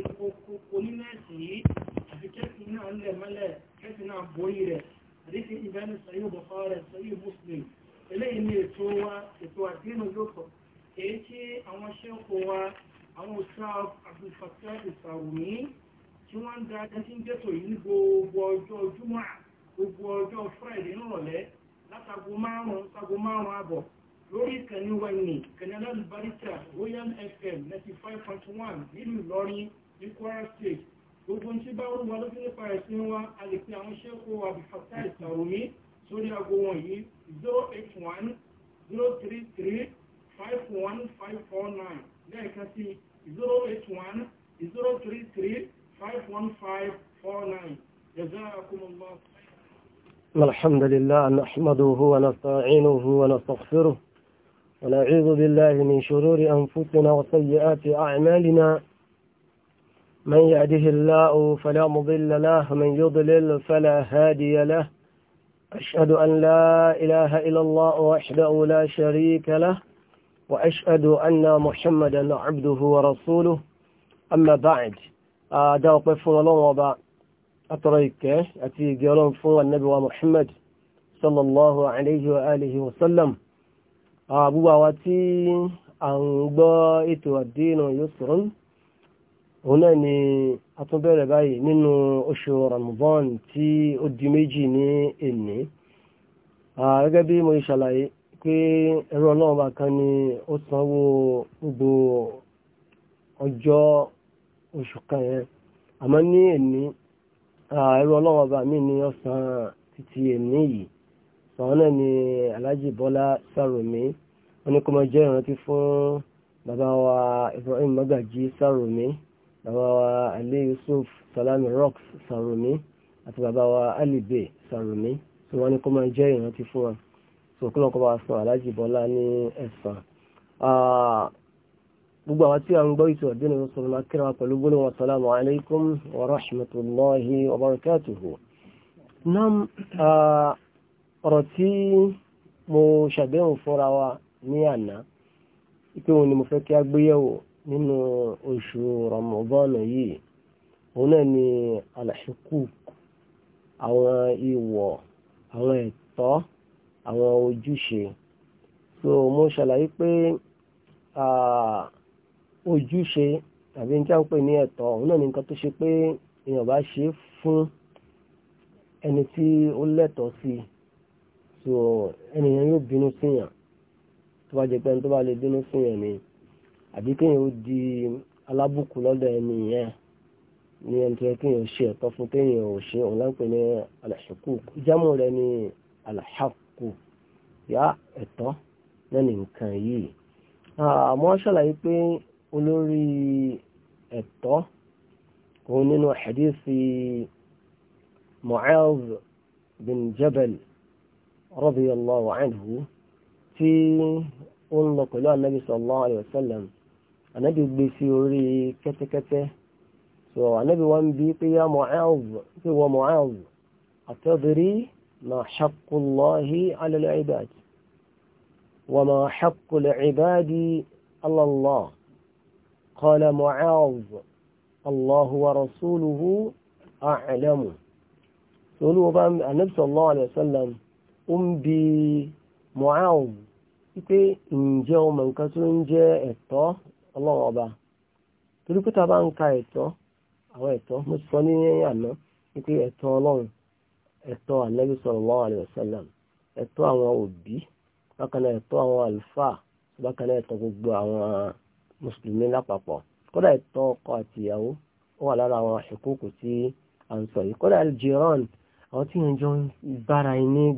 ṣe kókó nínú ẹ̀sìn yìí àti kẹ́sì náà ń lẹ̀ mọ́lẹ̀ kẹ́sì náà borí rẹ̀ àdéhùn ìbẹ́nu sọ́yìn bọ̀fọ́ rẹ̀ sọ́yìn muslim eléyìí ni ètò wa ètò àdínú lóko èyí tí àwọn ṣẹ́kù wa àwọn òṣà àbúfàtà ìsàwùmí tí wọ́n ń da ẹtí ń jẹ́tò yìí ní gbogbo ọjọ́ júmọ́ gbogbo ọjọ́ friday nírọ̀lẹ́ látago márùn-ún sago márùn-ún àbọ̀ lórí ìkànnì wẹ̀yìn kẹ̀nẹ́lá lùbáríkà royal fm ninety five point one nílùú ìlọrin ní Kwara State gbogbo ń ṣe bá wọ́n wà lójú nípa ẹ̀sìn wa a lè fi àwọn ṣẹ́kọ̀ọ́ àbífàtà ìsàrómi sórí aago wọ̀nyí zero eight one zero lẹ́ẹ̀kan sí zero eight one zero three الحمد لله نحمده ونستعينه ونستغفره ونعوذ بالله من شرور أنفسنا وسيئات أعمالنا من يهده الله فلا مضل له من يضلل فلا هادي له أشهد أن لا إله إلا الله وحده لا شريك له وأشهد أن محمدا عبده ورسوله أما بعد آه، أدعو قفوا الله وضع أتريك أتي قيلون فوق النبي ومحمد صلى الله عليه وآله وسلم آه، أبو واتي أنبائت الدين يسر òun náà ni a tún bẹ̀rẹ̀ báyìí nínú oṣù Ramadan tí ó di méjì ní èní gẹ́gẹ́ bí mo ṣàlàyé pé ẹ̀rọ ọlọ́run bá kan ni ó sanwó gbogbo ọjọ́ oṣù kan yẹn àmọ́ ní èní ẹ̀rọ mi ni ó títí èní yìí sọ̀rọ̀ náà ni Alhaji Bọ́lá Sàròmí wọn ni fún bàbá wa Ibrahim Magaji Sàròmí. bàbá Ali Yusuf Salami Rocks Sarumi àti bàbá wa Alibe Sarumi tí wọ́n ní kó máa jẹ́ ìrántí fún wa tó kí lọ́kọ́ bá sọ Aláàjì Bọ́lá ní ẹ̀sán. gbogbo àwọn tí a ń gbọ́ ìtò ọ̀dẹ́nu ló sọ̀rọ̀ máa kíra pẹ̀lú gbólóhùn assalamu alaikum wa rahmatullahi wa barakatuhu. nam ọ̀rọ̀ tí mo ṣàgbéyàwó fúnra wa ní àná ìpéwọn ni mo fẹ́ kí a gbéyẹ̀wò nínú oṣù Ramadan yìí òun náà ni alhukuk àwọn ìwọ̀ àwọn ẹ̀tọ́ àwọn ojúṣe so mo ṣàlàyé pé ojúṣe tàbí ní jáǹpé ní ẹ̀tọ́ òun náà ni nǹkan tó ṣe pé èèyàn bá ṣe fún ẹni tí ó lẹ́tọ̀ọ́ sí so ẹnìyàn yóò bínú síyàn tó bá jẹ́ pé ẹni tó bá lè bínú síyàn ni. So, àbí kéèyàn ó di alábùkù lọ́dọ̀ ẹni yẹn ní ẹni tó yẹ kéèyàn ó ṣe ẹ̀tọ́ fún kéèyàn ó ṣe òun láǹpẹ̀ ní alhukuk jámù rẹ̀ ní alhakku yá ẹ̀tọ́ lẹ́nu nǹkan yìí àmọ́ ṣàlàyé pé olórí ẹ̀tọ́ òun nínú hadithi Mu'adh bin Jabal radiyallahu anhu tí ó ń lọ pẹ̀lú anabi sallallahu alayhi wa ànábì gbé sí orí kẹ́tẹ́kẹ́tẹ́ so ànábì wọn bí pé yá Mu'adh pé wọ́n Mu'adh àtẹ́bìrí ma haqqullahi ala al-ibad wa ma haqqul ibadi ala Allah qala Mu'adh Allahu wa rasuluhu a'lamu so olúwọ́bá ànábì sallallahu alayhi wa sallam ó ń bi Mu'adh wípé ǹjẹ́ ọmọ nǹkan tó ń jẹ́ ẹ̀tọ́ ọlọ́run ọba torí pé tá a bá ń ka ẹ̀tọ́ àwọn ẹ̀tọ́ mo sọ ní àná wípé ẹ̀tọ́ ọlọ́run ẹ̀tọ́ ànábì sallallahu alaihi wasallam ẹ̀tọ́ àwọn òbí bákan ẹ̀tọ́ àwọn bákan gbogbo àwọn mùsùlùmí lápapọ̀ kódà ẹ̀tọ́ ọkọ àti ìyàwó ó wà lára àwọn ìkókò tí ń sọ yìí kódà àwọn tí wọ́n jọ ń bára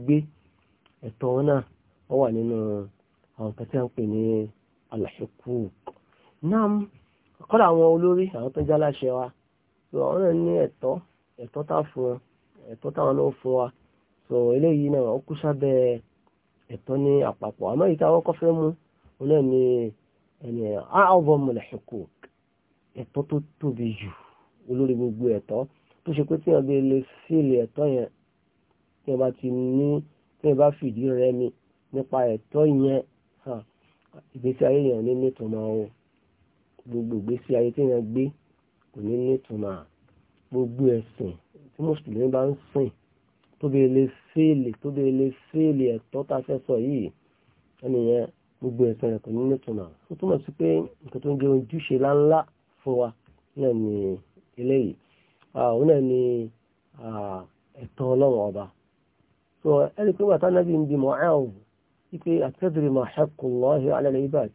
gbé ẹ̀tọ́ náà ó náà kọ́dà àwọn olórí àwọn tó já láṣẹ wa so àwọn náà ní ẹ̀tọ́ ẹ̀tọ́ tá fún ẹ̀tọ́ táwọn náà fún wa so eléyìí náà ó kú sábẹ́ ẹ̀tọ́ ní àpapọ̀ àmọ́ ìta àwọn kọfẹ́ mú òun náà ní ẹni ààbọ̀ mọ̀lẹ́sẹ̀kù ẹ̀tọ́ tó tóbi jù olórí gbogbo ẹ̀tọ́ tó ṣe pé tíyàn bí lè fíìlì ẹ̀tọ́ yẹn tíyàn bá ti ní tíyàn ìgbésí ayé yẹn ní nítumọ̀ o. gbogbo ìgbésí ayé tí yẹn gbé kò ní nítumọ̀ gbogbo ẹ̀sìn tí mùsùlùmí bá ń sìn tó bẹ́ẹ̀ lè fẹ́ẹ̀lì tó lè ẹ̀tọ́ tá a sọ yìí ẹni yẹn gbogbo ẹ̀sìn rẹ̀ kò ní nítumọ̀ ó túmọ̀ sí pé nǹkan tó ń gé ojúṣe láńlá fún wa náà ni eléyìí náà ni ọba ẹni pé wàtá náà ń bímọ wípé àtẹ́dùrì lọ́ọ́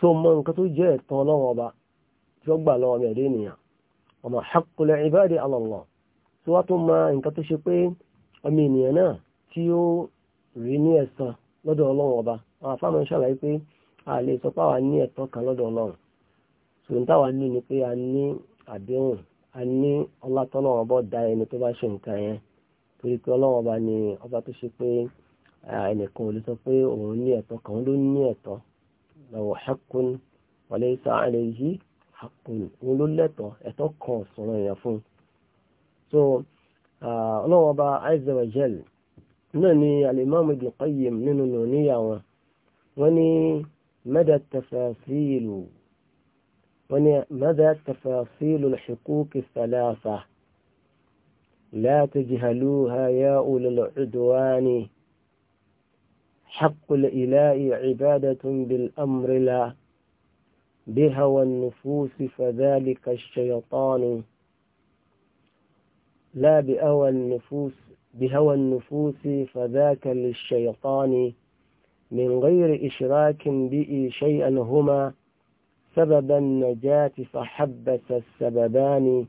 tó mọ nǹkan tó jẹ́ ẹ̀tọ́ ọlọ́run ọba tí ó gbà lọ́wọ́ mi ẹ̀dẹ́ ènìyàn ọmọ haqqul ibadi ala Allah tí wọ́n tó mọ nǹkan tó ṣe pé ọmọ ènìyàn náà tí ó rí ní ẹ̀san lọ́dọ̀ ọlọ́run ọba ni pé a ní àdéhùn a ní ọlátọ́lọ́ ọba da ẹni tó bá ṣe nǹkan yẹn torí pé ọlọ́run ọba ni ọba tó ṣe pé ẹnìkan ò lè sọ pé òun ní ẹ̀tọ́ kan ló ní ẹ̀tọ́ lahu haqqun wa laysa alayhi haqqun òun ló lẹ́tọ̀ọ́ ẹ̀tọ́ kan sọ̀rọ̀ èèyàn fún so ọlọ́wọ́ bá azza wa jal náà ni al-imam ibn qayyim nínú nìyà wọn wọ́n ní mada tafasilu wọ́n ní mada tafasilu al-huquq ath-thalatha la tajhaluha حق الإله عبادة بالأمر لا بهوى النفوس فذلك الشيطان لا بأوى النفوس بهوى النفوس فذاك للشيطان من غير إشراك به شيئا هما سبب النجاة فحبس السببان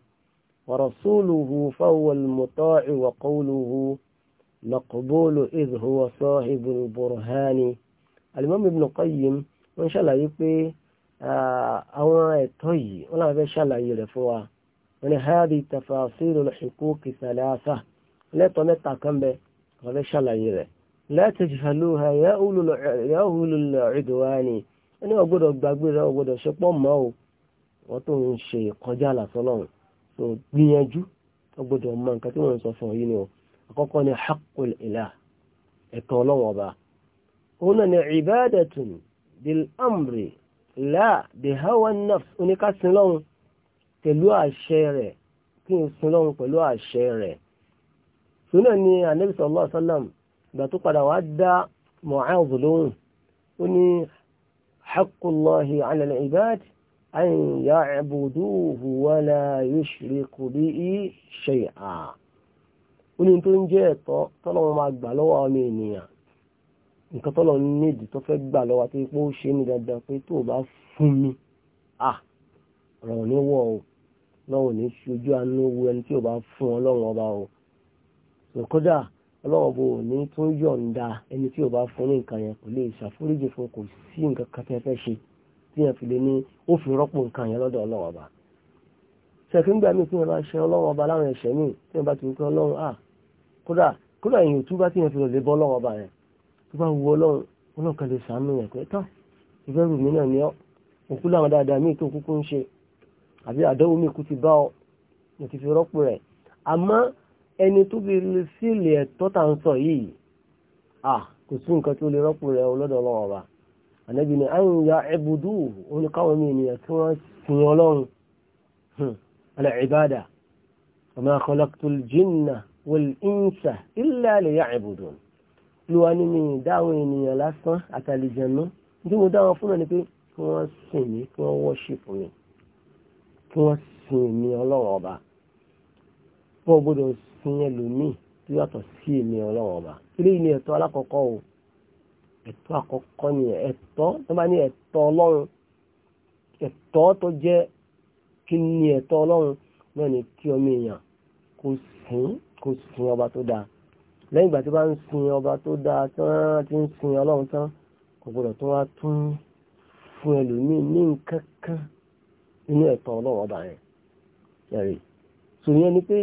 ورسوله فهو المطاع وقوله maqbulu idh huwa sahibul burhani alimami ibn qayyim wọ́n ṣàlàyé pé àwọn ẹ̀tọ́ yìí wọ́n làwọn fẹ́ ṣàlàyé rẹ̀ fún wa wọ́n ní hadi tafasilul huquqi thalatha lẹ́tọ̀ mẹ́ta kan bẹ wọ́n fẹ́ ṣàlàyé rẹ̀ la tajhaluha ya ulul udwani ẹni ọgbọ́dọ̀ gbàgbé rẹ̀ ọgbọ́dọ̀ ṣepọ̀ mọ́ o wọ́n tó ń ṣe kọjá làsọ́lọ́run tó gbìyànjú ọgbọ́dọ̀ mọ nǹkan tí wọ́n ń sọ fún ọ yìí ni o àkọ́kọ́ ni haqqul ilah ẹ̀tọ́ ọlọ́wọ́n ọba òun náà ni ibadatun bil amri la bi hawa nafs oníkásìn lọ́hùn pẹ̀lú àṣẹ rẹ̀ kí n sin lọ́hùn pẹ̀lú àṣẹ rẹ̀ sùnà ni anabi sallallahu alaihi wasallam ìgbà tó padà wá dá Mu'adh lóhùn ó ní yushriku bihi shay'a ó ní tó ń jẹ́ ẹ̀tọ́ tọ́lọ́run máa gbà lọ́wọ́ ọmọ ènìyàn nǹkan tọ́lọ́run nídìí tó fẹ́ gbà lọ́wọ́ àti pé ó ṣe ní dandan pé tó o bá fún mi à ọ̀rọ̀ níwọ̀ o lọ́wọ́ ní ṣojú àánú wo ẹni tí o bá fún ọlọ́run ọba o kódà ọlọ́run bò ní tó yọ̀ǹda ẹni tí o bá fún ní nǹkan yẹn kò lè ṣàforíjì fún kò sí nǹkan kan tí fẹ́ ṣe tí ẹ fi lè ní ó fi rọ́pò nǹkan yẹn lọ́dọ̀ ọlọ́run ọba ṣèkíngbà mi tí wọn bá ṣe ọlọ́run ọba láwọn ẹ̀ṣẹ̀ mi tí wọn bá ti wí ọlọ́run à kódà kódà èyàn tó bá tí yẹn fi lè bọ́ lọ́wọ́ bá yẹn tó bá wu ọlọ́run ọlọ́run kan lè sàánú yẹn pé tán ìfẹ́ rù mí náà ni ọ́ òkú làwọn dáadáa míì tó kúkú ń ṣe àbí àdánwò míì kú ti bá ọ mo ti fi rọ́pò rẹ̀ àmọ́ ẹni tó fi sílẹ̀ ẹ̀tọ́ tà ń sọ yìí à kò sí nǹkan tó lè rọ́pò rẹ̀ ọlọ́dọ̀ ọlọ́run ọba ànábì ni àyìn ya ẹbùdú òun mi ènìyàn tí wọ́n sin ọlọ́run wal-insa illa liya'budun ló wà nínú ìdáhùn ènìyàn lásán àtàlìjẹ̀nú tí mo dáhùn fún ẹni pé kí wọ́n sìn mí kí wọ́n wọ́ṣìpù mi kí wọ́n sìn mí ọlọ́wọ́ ọba fún ọgbọ́dọ̀ sin ẹlòmíì tó yàtọ̀ sí èmi ọlọ́wọ́ ọba eléyìí ni ẹ̀tọ́ alákọ̀ọ́kọ́ o ẹ̀tọ́ àkọ́kọ́ ni ẹ̀tọ́ tó bá ní ẹ̀tọ́ ọlọ́run ẹ̀tọ́ tó jẹ́ kí ni ẹ̀tọ́ ọlọ́run náà ni kí ọmọ èèyàn kó sìn kò sin ọba tó dáa lẹ́yìn ìgbà tí bá ń sin ọba tó dáa tán ti ń sin ọlọ́run tán kò tó wá tún fún ẹlòmíín ní nǹkan kan ẹ̀tọ́ ọlọ́run ọba yẹn ẹ̀rí sọ yẹn ni pé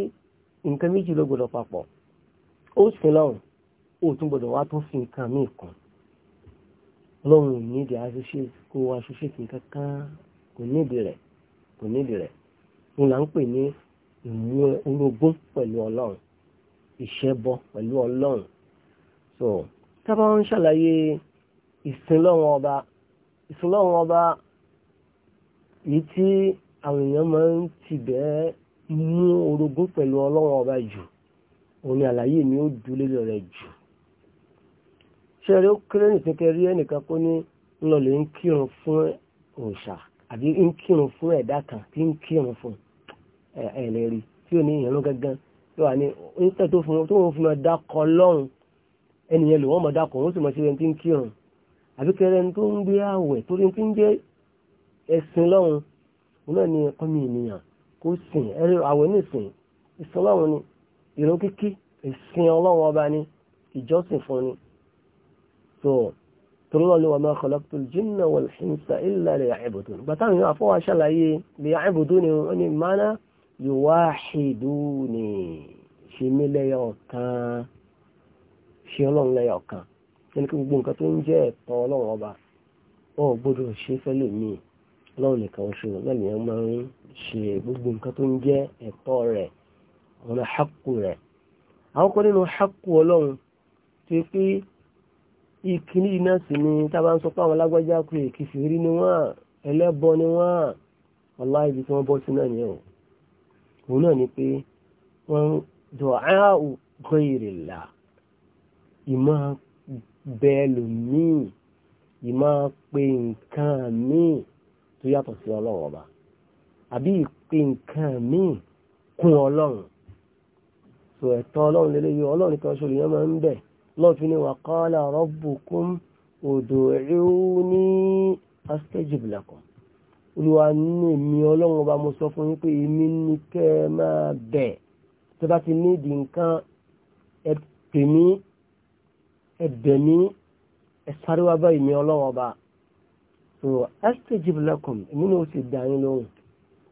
nǹkan méjì ló gbọdọ̀ papọ̀ ó sin lọ́run ó tún gbọdọ̀ wá tún fi nǹkan míì ọlọ́run aṣoṣe kó kan kò rẹ̀ kò rẹ̀ ń là ń pè ní ìṣẹ́bọ pẹ̀lú ọlọ́run so tábà ń ṣàlàyé ìsinlọ́wọ́n ọba ìsinlọ́wọ́n ọba yìí tí àwọn èèyàn máa ń tibẹ̀ mú orogún pẹ̀lú ọlọ́run ọba jù òun ni àlàyé mi ó dúlé rẹ̀ jù ṣe rí ó kéré nìkan kẹrí ẹnìkan kó ní ńlọlẹ̀ ń kírun fún òòṣà àbí ń kírun fún ẹ̀dá kan tí ń kírun fún ẹ̀ẹ̀lẹ́rí tí ò ní ìrún gangan yóò wà ní oúnjẹ tó fún tó wọn fún ọ dákọ lọ́rùn ẹnìyẹn lò wọ́n mọ̀ dákọ̀ wọ́n sì mọ̀ sí ẹni tí ń kírun àbí kẹrẹ ẹni tó ń gbé àwẹ̀ torí tí ń jẹ́ ìjọsìn fún ni so torí wọn lè wà ma khalaqtul jinna wal insa illa liya'budun gbàtà àwọn afọwọ́ aṣàlàyé liya'budun ni wọ́n ni mánà yuwahiduni ṣe mí lẹ́yọ̀ ọ̀kan ṣe ọlọ́run lẹ́yọ̀ ọ̀kan ẹni kí gbogbo nǹkan tó ń jẹ́ ẹ̀tọ́ ọlọ́run ọba ọ gbọ́dọ̀ ṣe fẹ́lẹ̀ mí ọlọ́run nìkan oṣù lẹ́nu yẹn máa ń ṣe gbogbo nǹkan tó ń jẹ́ ẹ̀tọ́ rẹ̀ àwọn àkù rẹ̀ àwọn kan nínú àkù ọlọ́run tó yẹ pé ìkíní yìí náà sì ni tábà ń sọ pé àwọn alágbájá pé kìfìrí ni wọ́n ẹlẹ́bọ ni wọ́n ọlá tí wọ́n bọ́ sí náà nìyẹn o òun náà ni pé wọ́n du'a'u ghayrillah ìmọ̀ bẹ́ẹ̀lù míì ìmọ̀ pé nǹkan míì tó yàtọ̀ sí ọlọ́run bá àbí ìpè nǹkan míì kún ọlọ́run so ẹ̀tọ́ ọlọ́run lélẹ́yìí ọlọ́run máa ń bẹ̀ lọ́ọ̀fí olúwa ní èmi ọlọ́run ọba mo sọ fún yín pé èmi ní kẹ́ ẹ máa bẹ̀ tó bá ti ní ìdí nǹkan ẹ pè mí ẹ bẹ̀ mí ẹ sáré wá bá èmi ọlọ́run ọba so astajib lakum èmi ni ó sì dá yín lóhùn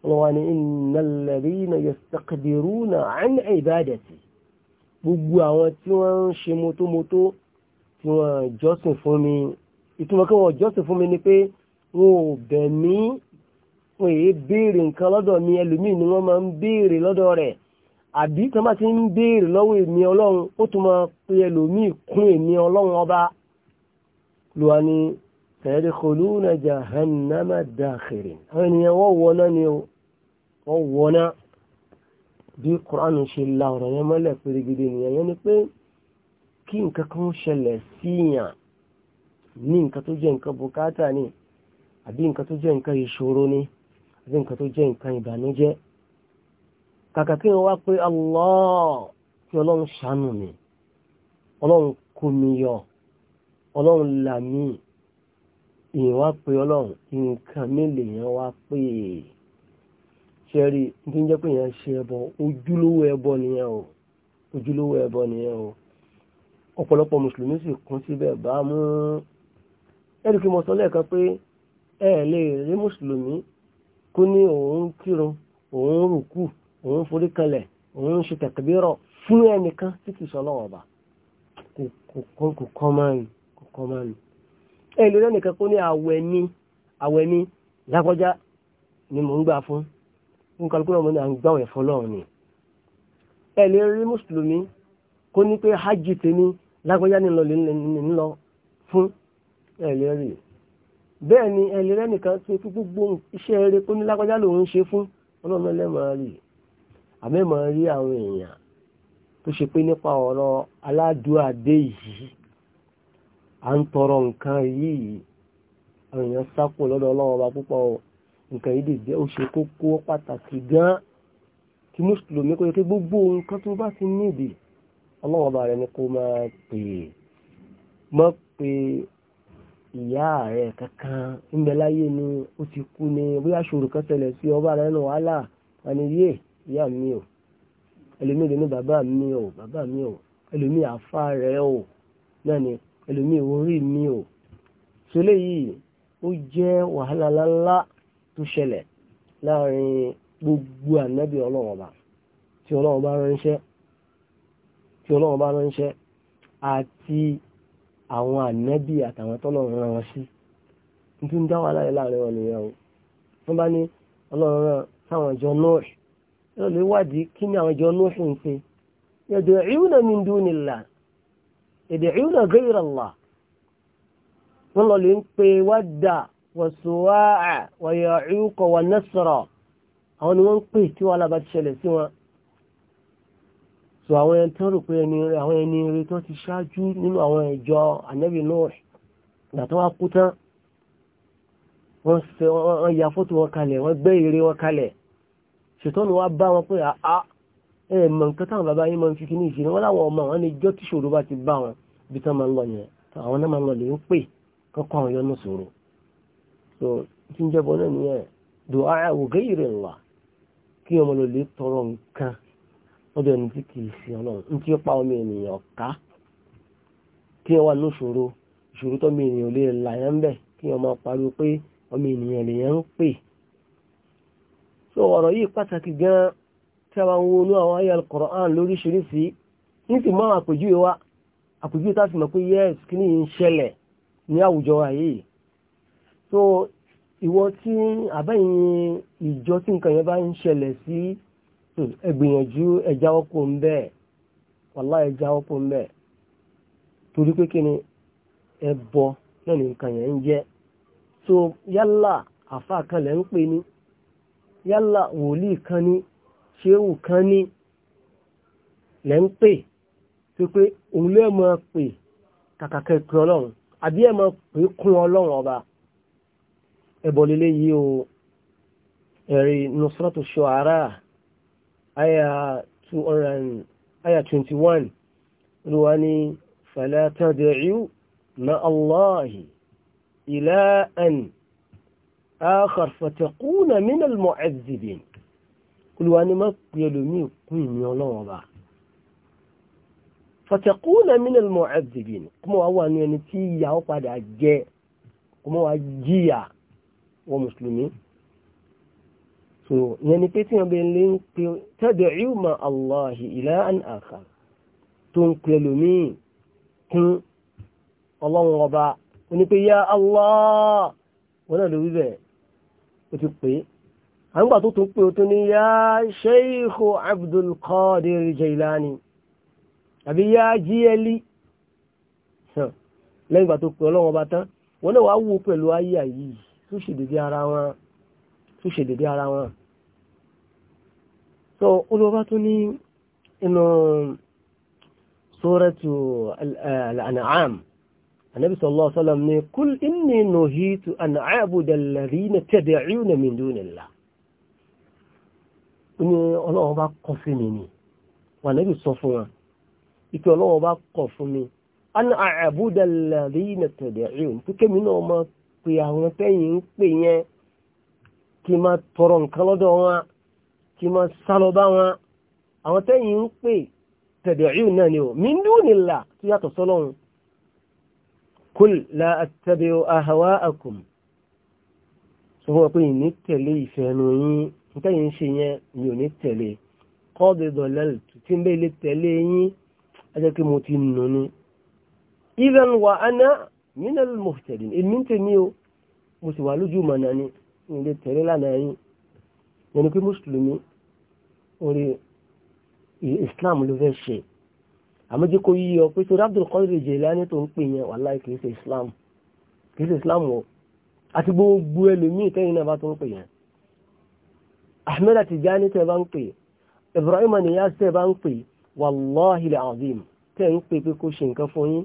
ọlọ́wà ní innal ladhina yastakbiruna an ibadati gbogbo àwọn tí wọ́n ń ṣe mọ́tómọ́tó tí wọ́n jọ́sìn fún mi ìtumọ̀ kí wọ́n jọ́sìn fún mi ni pé wọn ò bẹ̀ mí wọn èyí béèrè nǹkan lọ́dọ̀ mi ẹlòmíì ni wọ́n máa ń béèrè lọ́dọ̀ rẹ̀ àbí tí wọ́n bá ti ń béèrè lọ́wọ́ èmi ọlọ́run ó tún máa pe ẹlòmíì kún èmi ọlọ́run ọba lùwà ni sayadkhuluna jahannama dakhirin àwọn ènìyàn wọ́n wọná ni wọ́n wọná bí Qur'an ṣe la ọ̀rọ̀ yẹn mọ́lẹ̀ pérégede nìyẹn yẹn ni pé kí nǹkan kan ṣẹlẹ̀ síyàn ní nǹkan tó jẹ́ nǹkan bùkátà ni àbí nǹkan tó jẹ́ nǹkan ìṣòro ni àbí nǹkan tó jẹ́ nǹkan ìbànújẹ́ kàkà wá pé Allah kí ọlọ́run ṣàánú mi ọlọ́run kó mi yọ ọlọ́run là mí èèyàn wá pé ọlọ́run nǹkan mélòó yẹn wá pé ṣẹ́rí tí ń jẹ́ pé èèyàn ṣe ẹbọ ojúlówó ẹbọ nìyẹn o ojúlówó ẹbọ o ọ̀pọ̀lọpọ̀ mùsùlùmí sì kún síbẹ̀ bá mú ẹ̀rí kí mo sọ lẹ́ẹ̀kan pé ẹ lè rí mùsùlùmí kó ní òun kírun òun rùkú òun forí kalẹ̀ òun ṣe tẹ̀kẹ̀bírọ̀ fún ẹnìkan títí sọ lọ́wọ́ ọba kò kọ́ máa ń kò kọ́ máa ń. ẹ lórí ẹnìkan kó ní àwẹ̀ ní àwẹ̀ ní ni mò ń gbà fún nǹkan kúrò mọ́ ní à ń gbà wẹ̀ fọlọ́run ni. ẹ rí mùsùlùmí kó ní pé hajj tèmi lágbọ́já ni lọ́ọ́ lè lọ fún ẹ rí bẹ́ẹ̀ ni ẹlẹ́rẹ́ nìkan tó fi gbogbo iṣẹ́ eré tó ní lágbájá lòun ṣe fún ọlọ́run ẹlẹ́màá rí àmẹ́màá rí àwọn èèyàn tó ṣe pé nípa ọ̀rọ̀ aládùúgbò dé yìí à ń tọrọ nǹkan yìí àwọn èèyàn sápò lọ́dọ̀ ọlọ́wọ́ ọba púpọ̀ nǹkan yìí dìde ó ṣe kókó pàtàkì gan kí mùsùlùmí kó yẹ kí gbogbo nǹkan tó bá ti nídìí ọlọ́wọ́ ọba rẹ̀ ni kó máa pè é máa pè é. ìyá rẹ̀ kankan ń láyé ni ó ti kú ni bóyá ṣòro kan ṣẹlẹ̀ sí ọba rẹ̀ wàhálà wọn ìyá mi o ẹlòmíì bàbá mi o bàbá mi o ẹlòmíì àfa rẹ̀ o náà ni ẹlòmíì orí mi o yìí ó wàhálà ńláńlá tó ṣẹlẹ̀ láàrin gbogbo ànábì tí ọlọ́run ránṣẹ́ tí àwọn ànábì àtàwọn tọ́lọ́run rán wọn sí nítorí ń dá wàhálà yẹn láàrin wọn nìyẹn o wọ́n bá ní ọlọ́run rán sáwọn ìjọ nóòhì yóò lè wádìí kí ni àwọn ìjọ nóòhì ń ṣe yad'una min dunillah yad'una ghayra Allah wọ́n lọ lè ń pe wádà wàsùwáà wàyà ìrúkọ wà nasra àwọn ni wọ́n ń pè tí wàhálà bá sí wọn so àwọn ẹni tó rò pé àwọn ẹni rẹ tó ti ṣáájú nínú àwọn ìjọ ànábì Nuh ìgbà tó wá kú tán wọ́n ṣe wọ́n ya fótó wọn kalẹ̀ wọ́n gbé ère wọn kalẹ̀ ṣètọ́nù wá bá wọn pé àá ẹ mọ̀ nǹkan táwọn bàbá yín máa ń fi kí ní ìṣe ni wọ́n láwọn ọmọ àwọn ẹnìjọ́ tí ṣòro bá ti bá wọn ibi tán máa ń lọ yẹn àwọn náà máa ń lọ lè ń pè kọ́kọ́ àwọn yọnu sòrò so tí ń jẹ́bọ náà nìyẹn dùn àwògé ìrẹ̀ wà kí ọmọ lọ lè tọrọ nǹkan ọdọ̀ ẹni tí kìí sí ọlọ́run ní tí ó pa ènìyàn ká kí wọ́n wà ní ìṣòro ìṣòro ènìyàn lè ń bẹ̀ kí máa pariwo pé ọmọ ènìyàn lèyàn ń pè so ọ̀rọ̀ yìí pàtàkì gan tí a bá ń wo àwọn ayé Al-Qur'an lóríṣiríṣi ní wa àpèjúwe tá a sì mọ̀ pé yes kí ni ń ní so ìwọ tí àbẹ́yìn ìjọ tí nǹkan yẹn bá ń ṣẹlẹ̀ Hmm, ẹgbìyànjú ẹja ọkọ̀ ń bẹ́ẹ̀ wàlá ẹja ọkọ̀ ń bẹ́ẹ̀ torí pé kí ni ẹbọ náà ní nǹkan yẹn ń jẹ́ so yálà àfa kan lẹ́ ń pè ní yálà wòlíì kan ní ṣéwù kan ní lẹ́ ń pè tó pé òun lè mọ pè kàkàkẹ́ pé ọlọ́run àbí ẹ̀ mọ pé kún ọlọ́run ọba ẹbọ lélẹ́yìí o ẹ̀rí nusratu shu'ara aya 21 olúwa ni fala tad'u ma Allahi ilahan akhar fatakuna min al-mu'azzibin olúwa ni má pẹ̀lú mí kún ìní ọlọ́wọ́ bá fatakuna min al-mu'azzibin kúmọ̀ wá wà ní ẹni tí ìyà padà jẹ kúmọ̀ wá jíyà wọ mùsùlùmí so ìyẹn ni pé tí wọ́n bẹ lè ń pe tẹ́jọ ìwùmọ̀ aláhi ilẹ̀ àn àkà tó ń pe lòmíì kún ọlọ́run ọba ó ní pé yá Allah wọn náà ló wí bẹ́ẹ̀ ó ti pè é àgbà tó tún pé ó tún ní yá ṣeéhù Abdul Jailani àbí yá jíẹ́lì lẹ́yìn ìgbà tó pè ọlọ́run ọba tán wọn náà wàá wò pẹ̀lú ayé àyè tó ṣèdèdè ara wọn tó ṣe dédé ara wọn so olùwọ́bá tó ní inú suratu al-an'am النبي صلى الله عليه وسلم قل إني نهيت أن أعبد الذين تدعون من دون الله ni ọlọ́run bá kọ̀ fún mi ni wà nẹ́bí sọ fún wa ìpé ọlọ́run bá kọ̀ fún mi an àbúdà lẹ́yìn tẹ̀dẹ̀ rí òun tó kémi kí máa tọrọ nǹkan lọ́dọ̀ wọn kí máa sálọ bá wọn àwọn tẹ́yìn ń pè tẹ̀dẹ̀ẹ́yù náà ni ò min dunillah tó yàtọ̀ sọ́lọ́run kul la attabi'u ahwa'akum sọ fún wọn pé ìní tẹ̀lé ìfẹ́ ẹnu yín nítẹ̀yìn ń ṣe yẹn mi ò ní tẹ̀lé kọ́ọ̀dù dọ̀lẹ́lì tí ń bẹ́ ilé tẹ̀lé yín ajẹ́ pé mo ti nù ní idhan wa ana minal muhtadin èmi ń tèmi o mo sì wà lójú mọ̀nà ni ń lè tẹ̀lé lánàá yín ẹni pé mùsùlùmí orí islam ló fẹ́ ṣe àmójú kò yí ọ pé sọ Abdul Qadir Jilani tó ń pè yẹn wàláì kìí ṣe islam kìí ṣe islam o àti gbogbo ẹlòmíì tẹ́yìn náà bá tó ń pè yẹn Ahmed Tijani tẹ́ bá ń pè Ibrahim Niyas tẹ́ bá ń pè wàláhi al-azim ń pè pé kó ṣe nǹkan fún yín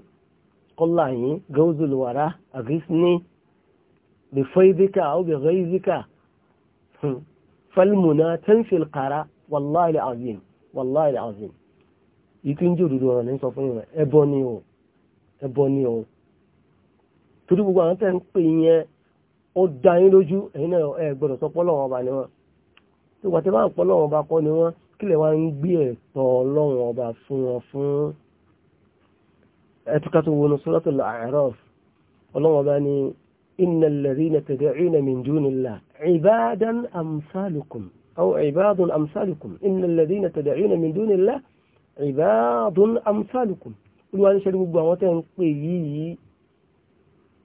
kọ́lá yín Gawzul Wara بفيضك أو بغيظك فالمنى تنفي القرى والله العظيم والله العظيم ìtúnjú òdòdó ọ̀rọ̀ ní sọ fún ìwọ̀n ẹbọ ni o ẹbọ ni o torí gbogbo àwọn tẹ́ ń pè yẹn ó dá yín lójú ẹ̀yin náà ẹ gbọ́dọ̀ sọ pọ́lọ́wọ́n ọba ni wọ́n tó wàtí bá ń pọ́lọ́wọ́n ọba kọ́ ni wọ́n kílẹ̀ wá ń gbé ẹ̀tọ́ ọlọ́wọ́n ọba fún wọn fún ẹtùkàtù wọnú Suratul ọlọ́wọ́n ọba ni إن الذين تدعون من دون الله عبادا أمثالكم أو عباد أمثالكم إن الذين تدعون من دون الله عباد أمثالكم olúwa ní ṣẹ́lú gbogbo àwọn tẹ́ ń pè yìí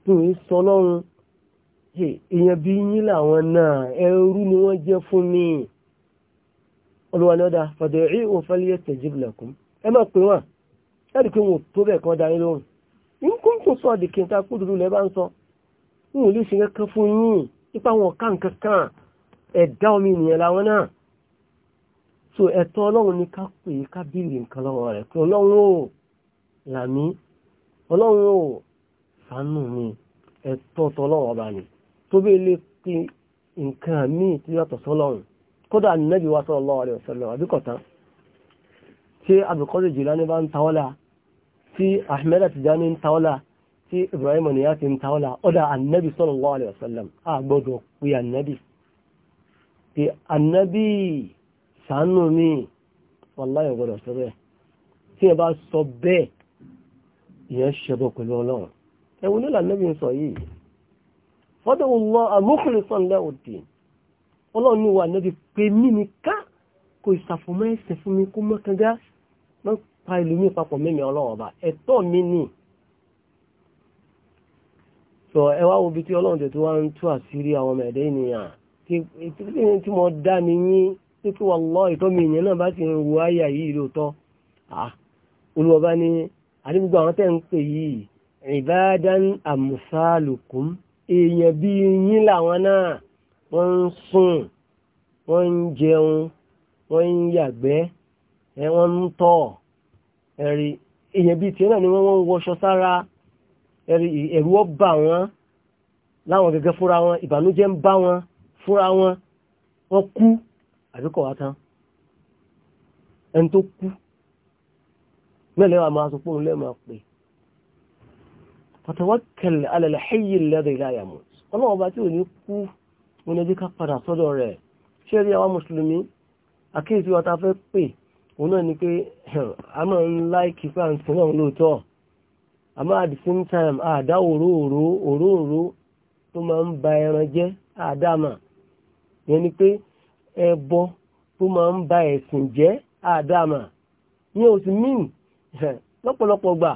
tó ń sọ lọ́run èèyàn bí yín làwọn náà ẹrú ni wọ́n jẹ́ fún mi olúwa ní ọ̀dà fàdẹ̀rí òfẹ́lẹ́ tajib lakum ẹ máa pè wọ́n láti pé wọn ò tó bẹ̀ kan dání lóhùn nǹkan tó sọ àdìkìntà kúdùrú lẹ́ bá ń sọ wọn ò lè ṣe kankan fún yín nípa wọn ká nǹkan kan ẹ̀dá omi ènìyàn làwọn náà so ẹ̀tọ́ ọlọ́run ni ká pè é ká bíìrì nǹkan lọ́wọ́ rẹ̀ pé ọlọ́run ò làmí ọlọ́run ò fàánù mi ẹ̀tọ́ tọ́lọ́run ọba ni tó bí ilé pé nǹkan míì tí yàtọ̀ sọ́lọ́run kódà nẹ́bí wa sallallahu alaihi wasallam àbíkọ̀tán tí Abdul Qadir Jilani bá ń tawọ́lá tí Ahmed Tijani tí Ibrahim ni ya ti ń taọ́lá ọdá annabi sallallahu alaihi wasallam a gbọ́dọ̀ pé annabi pé annabi ṣàánú mi wallahi gbọ́dọ̀ sọ bẹ́ẹ̀ tí ẹ bá sọ bẹ́ẹ̀ ìyẹn ṣẹbọ pẹ̀lú ọlọ́run ẹwù nílà annabi ń sọ yìí fọ́dọ̀ Allah mukhlisan lahu ddin ọlọ́run ni wà annabi pé mí ni ká kò ìṣàfùmọ́ ẹ̀sẹ̀ fún mi kó mọ́kangá pa ìlú mi papọ̀ mẹ́mi ọlọ́run ọba ẹ̀tọ́ mi ni so ẹ wá wo bí tí ọlọ́run tẹ̀ tí wọ́n ń tú àṣírí àwọn ọmọ ẹ̀dẹ́ ènìyàn kí ní tí mo dá yín tí kí wọ́n lọ ìtọ́mi ìyẹn náà àyà yìí olùwọ́ba ni àwọn tẹ̀ ń pè yìí ìbádán èèyàn bí yín làwọn náà wọ́n ń sùn wọ́n ń jẹun wọ́n ń yàgbẹ́ wọ́n ń tọ̀ ẹ̀rù ọ bà wọ́n láwọn gẹ́gẹ́ fúnra wọn ìbànújẹ́ ń bá wọn fúnra wọn wọ́n kú àbíkọ̀ wá tán ẹni tó kú mẹ́lẹ̀ wà máa sọ pé òun lẹ́ẹ̀ máa pè fatawakkal ala al-hayy alladhi la yamut ọlọ́wọ́ bá tí ò ní kú wọn ẹbí ká padà sọ́dọ̀ rẹ̀ ṣé rí àwọn mùsùlùmí àkíyèsí wa ta fẹ́ pè òun náà ni pé a máa ń láìkí fáǹsì náà lóòótọ́ àmọ́ at the same time àdá òróòró òróòró tó máa ń ba ẹran jẹ́ àdámà yẹn ni pé ẹbọ tó máa ń ba ẹ̀sìn jẹ́ àdámà yẹn ò sì míì lọ́pọ̀lọpọ̀ gbà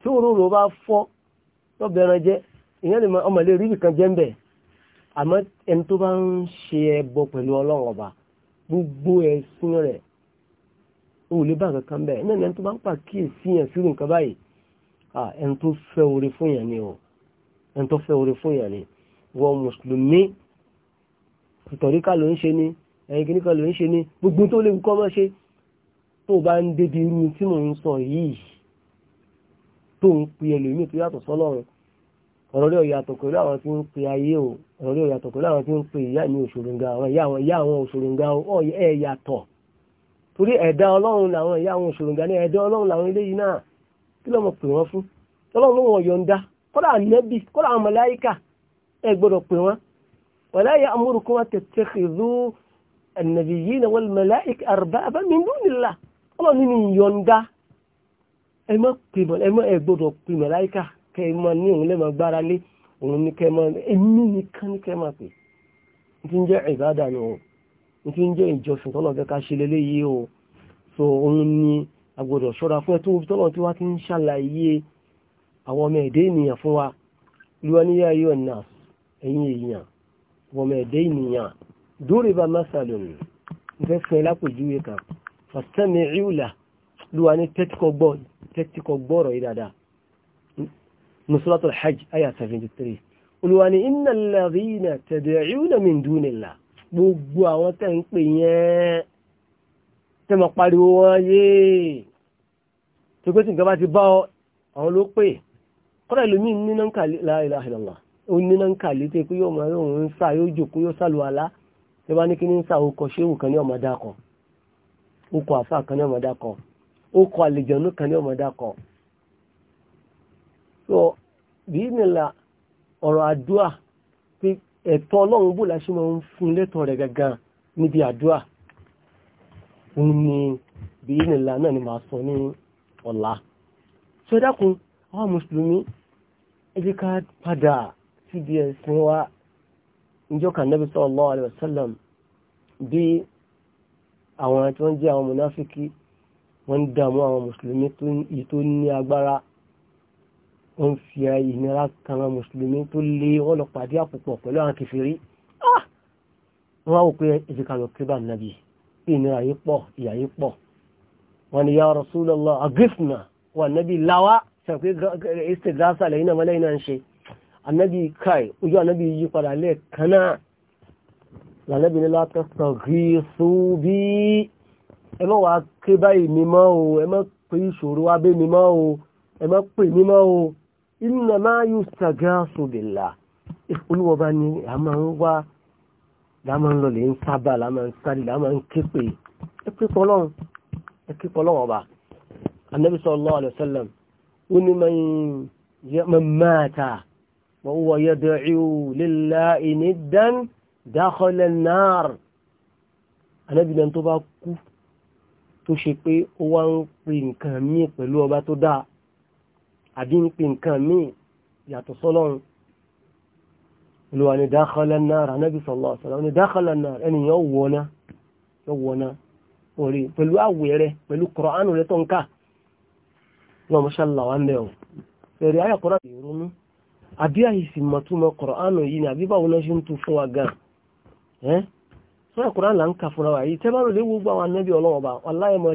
tí òróòró bá fọ́ lọ́bẹ̀ ẹran jẹ́ ìyẹn lè ọmọ ilé rí nìkan jẹ́ ń bẹ̀ àmọ́ ẹni tó bá ń ṣe ẹbọ pẹ̀lú ọlọ́run ọba gbogbo ẹ̀sìn rẹ̀ òun kankan bẹ̀ náà ni ẹni tó bá ń pàkíyèsí yẹn sírù nǹkan báyìí ẹni tó fẹ́ orí fún yàn o ẹni tó fẹ́ orí fún yàn ni wọ mùsùlùmí ìtọ̀ríkà ló ń ṣe ni ẹ̀yìn kìníkà ló ń ṣe ni gbogbo tó léwu kọ́ mọ́ ṣe tó bá ń débi irú tí mò ń sọ yìí tó ń pe ẹlòmíì tó yàtọ̀ sọ́lọ́run ọ̀rọ̀ rí ọ̀yàtọ̀ pẹ̀lú àwọn tí ń pe ayé kí lọ́mọ pè wọ́n fún tọ́lọ́run ló wọ̀n yọ̀ǹda kọ́lá ànábì kọ́lá àwọn màláíkà ẹ gbọ́dọ̀ pè wọ́n wala ya'murukum an tattakhidhu an-nabiyyina wal mala'ikata arbaban min dunillah ọlọ́run ní yọ̀ǹda ẹ má pè mọ́ ẹ gbọ́dọ̀ pè màláíkà kẹ́ ẹ máa ní òun lẹ́mọ̀ gbára lé òun ní kẹ́ máa ẹ̀mí ní kẹ́ ní jẹ́ ìbádà agbọ́dọ̀ ṣọ́ra fún ẹtún tọ́lọ̀ tí wọ́n ti ń ṣàlàyé àwọn ọmọ ẹ̀dẹ́ ènìyàn fún wa lúwaníyà yóò nà ẹ̀yìn èèyàn ọmọ ẹ̀dẹ́ ènìyàn duriba masalun nfẹ́ fún ẹ lápòjúwe kan fastami'u lahu lúwa ní tẹ́tíkọ gbọ́rọ̀ yìí dáadáa nusratul gbogbo àwọn tẹ́ ń pè yẹn tí mo pariwo wọn yéè tí pé tí nǹkan bá ti bá ọ àwọn ló pè kọ́dà ìlú mi níná ń kàlí la ilaha illallah ó níná ń kàlí tí pé yóò máa yóò ń sá yóò jòkó yóò sálù àlá tí bá ní kí ní ń sá okọ̀ ṣéwù kan ní ọmọdé akọ okọ̀ àfà kan ní ọmọdé akọ okọ̀ àlejànú kan ní ọmọdé akọ. so bíi nìlà ọ̀rọ̀ àdúà pé ẹ̀tọ́ ọlọ́run bò láṣẹ máa ń fún lẹ́tọ̀ọ́ rẹ̀ gangan níbi àdúà òun ni bí nìlá náà ni màá sọ ní ọ̀la ṣé dákun àwọn mùsùlùmí ẹ jẹ́ ká padà síbi ẹ̀sìn wa níjọ́ kan Nábì sallallahu alaihi wasallam bí àwọn tí wọ́n jẹ́ àwọn mùnáfíkì wọ́n ń dààmú àwọn mùsùlùmí tó ní agbára wọ́n fi ìnira kan àwọn mùsùlùmí tó lé wọ́n lọ àpòpọ̀ pẹ̀lú àwọn kèfèrí ah! wọ́n wá wò pé ẹ̀jẹ̀ lọ kí bá ìnira yìí pọ̀ ìyà yìí pọ̀ wọ́n ní ya Rasulullah agrifna wà nábì láwá sàpé istigrasa lẹ́yìn náà mọ́lẹ́yìn náà ń ṣe anábì kai ojú anábì yí padà lẹ́ẹ̀kan náà lànàbì ní látọ̀ sọ̀gìsù bí ẹ mọ́ wàá ké báyìí mímọ́ o ẹ mọ́ mímọ́ o ẹ pè mímọ́ o láàmà ń lọlẹ̀ ń sábà láàmà ń sáré láàmà ń képe ẹ képe ọlọ́run ẹ képe ọlọ́run ọba anabi sallallahu alaihi wasallam ó ní man mata wa huwa yad'u lillahi niddan dakhala an-nar anabi náà tó bá kú tó ṣe pé ó wá ń pe nǹkan míì pẹ̀lú ọba tó dáa àbí ń pe nǹkan míì yàtọ̀ sọ́lọ́run olùwà ní dákọ́lá náà anábì sọ̀lọ́ ọ̀sọ̀lọ́ ní dákọ́lá náà ẹnìyàn wọ́ná yọ wọ́ná orí pẹ̀lú àwẹ̀ rẹ pẹ̀lú kọ̀rọ̀ánù rẹ tó ń ká wọn mọ́ṣálà wà mẹ́ o ẹ̀rí ayàkọ́rọ̀ ìrònú àbí àìsí mọ̀túmọ̀ kọ̀rọ̀ánù yìí ni àbí báwo náà ṣe ń tu fún wa gan ẹ́ sọ́yà kọ̀rọ̀ánù là ń kà fúnra wa yìí tẹ́ bá rò lé gbogbo àwọn anábì ọlọ́wọ́ bá aláyẹ̀ mọ́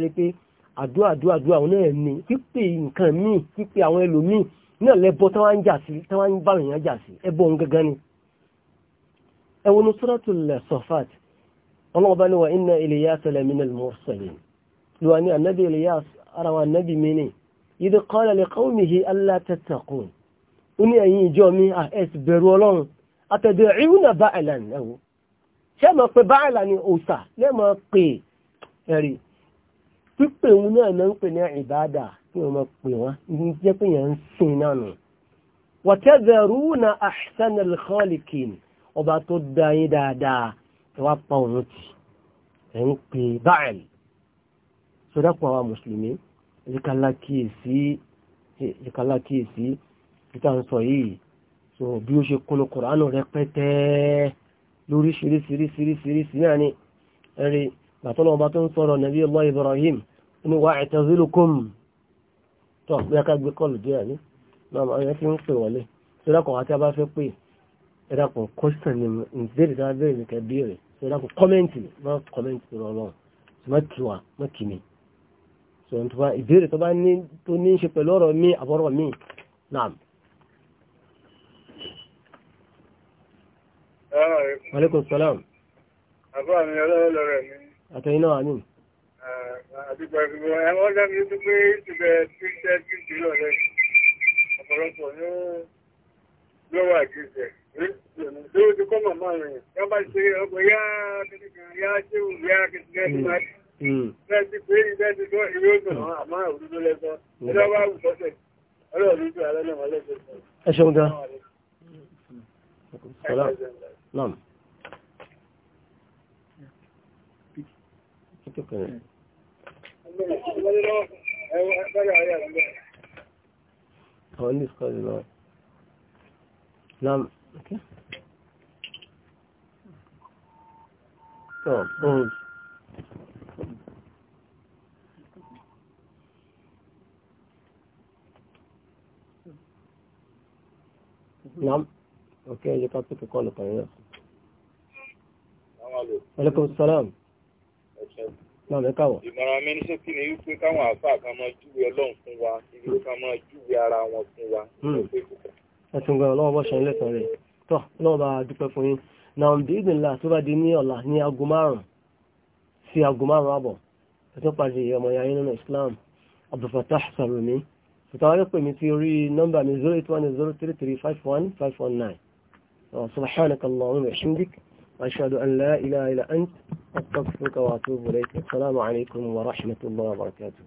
rí ẹwọ́n suratul sọfàt ọlọ́ọ̀bá ni wà inna Ilyas lamina al-mursalin ló wà ní annabi Ilyas ara wa annabi mini idh qala li qawmihi alla tattaqun ó ní ẹ̀yin ìjọ mi às bẹ̀rù ọlọ́run atad'una ba'lan ẹ̀wọ́ ṣé mọ̀ pé ba'lan ni òòsà lẹ́mọ̀ pé ẹ̀rí ọba tó dá yín dáadáa ẹ wá pa òun tì ẹ ń pè báàlì sọdọ́pọ̀ àwa mùsùlùmí ìkàlákìyèsí títà ń sọ yìí so bí ó ṣe kúnnú kọ̀ránù rẹpẹtẹ lórí ṣiríṣiríṣiríṣiríṣi náà ni ẹ̀rí bàtọ́nà ọba tó ń sọ̀rọ̀ nàbí Allah Ibrahim ní wà ẹ̀tẹ̀zílùkùn tó àpẹẹkà gbé kọlù díẹ̀ ní náà ẹ̀yẹ́ fi ń pè wọlé sọdọ́pọ̀ àti abáfẹ́ pè ẹ̀dàkùn kọ́sítàn ni ìbéèrè tí a béèrè ní kẹ́ béèrè ẹ̀dàkùn kọ́mẹ́ǹtì má kọ́mẹ́ǹtì tó rọ lọ́wọ́ so n tó bá ìbéèrè tó bá ní tó ní ṣe pẹ̀lú ọ̀rọ̀ mi àbọ̀rọ̀ mi naam. aleykum salaam. àbúrò mi ọlọ́wọ́ lọ́rẹ̀ mi. àtẹ̀yìn náà àmín. àdìgbà ìgbìmọ̀ ẹ̀wọ́n dá mi dúpẹ́ ìtìbẹ̀ tí lórí kọ́ màmá rẹ̀ wọ́n bá ṣe ọgbọ̀n yá kìnnìkan yá ṣéwù yá kìnnìkan tó máa ní bẹ́ẹ̀ni pé ìbẹ́ẹ̀ni tó ìwé ògùn àmọ́ òdodo lẹ́sọ ẹjọ́ bá wù sọ́sẹ̀ ọlọ́run ní ju alẹ́ náà wọ́n lẹ́sẹ̀ sọ. ẹ ṣeun gan. naam. Àwọn ní ìsọ̀rọ̀ náà. Naam. So, those Naam. Okay, ẹjẹ́ ká pípẹ́ kọ́ lùkọ̀ yẹn. Aleykum salam. Náà lẹ́ka wọ̀. Ìmọ̀ràn mi ní sókè ni wípé káwọn àfáà kan máa júwe Ọlọ́run fún wa, ibi ká máa júwe ara wọn fún wa. Ẹ tún gbọ́n Ọlọ́run bọ́ ṣe ń lẹ́tọ̀ọ́ rẹ̀. tọ́ náà bá dúpẹ́ fún yín náà ń bí ìgbìnlá tó bá di ní ọ̀la ní aago márùn-ún sí aago márùn-ún àbọ̀ ẹ̀tọ́ pàdé ọmọ ìyá nínú Islam Abdulfatah Sarumi sọ̀tàwárí pè mí ti rí nọ́mbà mi zero eight one zero three three five one five one nine wa bihamdik